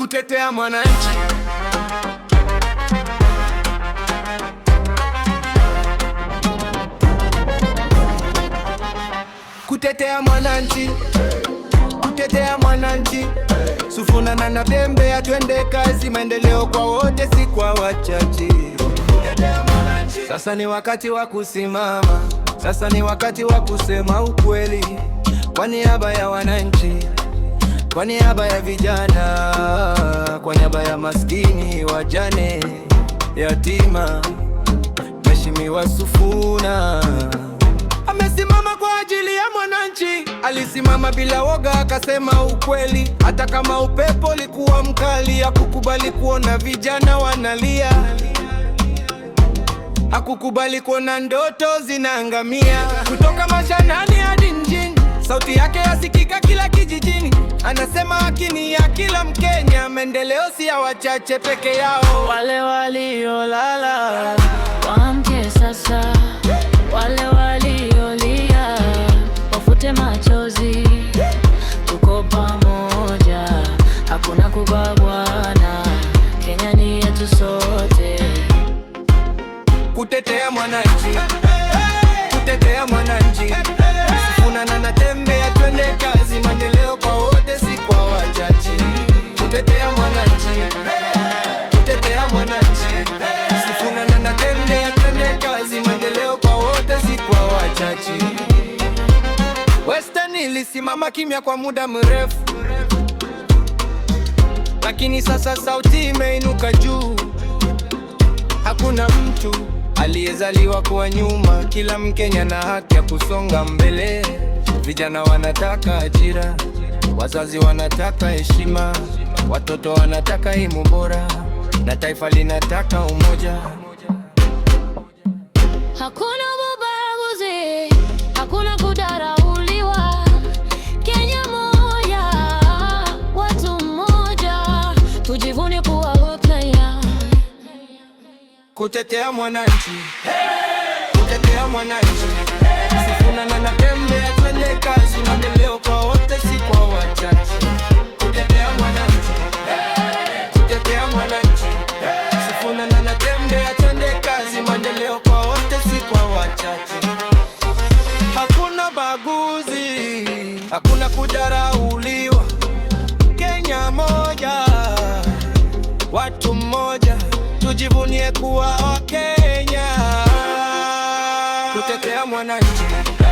kutetea mwananchi. Kutetea mwananchi, kutetea mwananchi. Sufunana na Bembe, atwende kazi, maendeleo kwa wote, si kwa wachache. Sasa ni wakati wa kusimama, sasa ni wakati wa kusema ukweli kwa niaba ya wananchi. Kwa niaba ya vijana, kwa niaba ya maskini, wajane, yatima, mheshimiwa Sufuna amesimama kwa ajili ya mwananchi. Alisimama bila woga, akasema ukweli, hata kama upepo ulikuwa mkali. Hakukubali kuona vijana wanalia, hakukubali kuona ndoto zinaangamia. Kutoka mashanani hadi mjini, sauti yake yasikika kila kijijini. Anasema akini ya kila Mkenya, maendeleo si ya wachache peke yao. Wale waliolala waamke sasa, wale waliolia wafute machozi. Tuko pamoja, hakuna kubagwana. Kenya ni yetu sote, kutetea mwananchi kutetea mwananchi, sifunana na tendea tende kazi, maendeleo kwa wote, si kwa wachache. Western ilisimama kimya kwa muda mrefu, lakini sasa sauti imeinuka juu. Hakuna mtu aliyezaliwa kuwa nyuma, kila Mkenya na haki ya kusonga mbele. Vijana wanataka ajira, wazazi wanataka heshima. Watoto wanataka elimu bora na taifa linataka umoja. Hakuna ubaguzi, hakuna kudharauliwa. Kenya moja, watu mmoja, tujivunie kuwa Wakenya. Kutetea mwananchi, kutetea mwananchi, hey! Sifuna na natembea twende kazi maendeleo hakuna kujarauliwa Kenya moja, watu mmoja, tujivunie kuwa Wakenya, kutetea mwananchi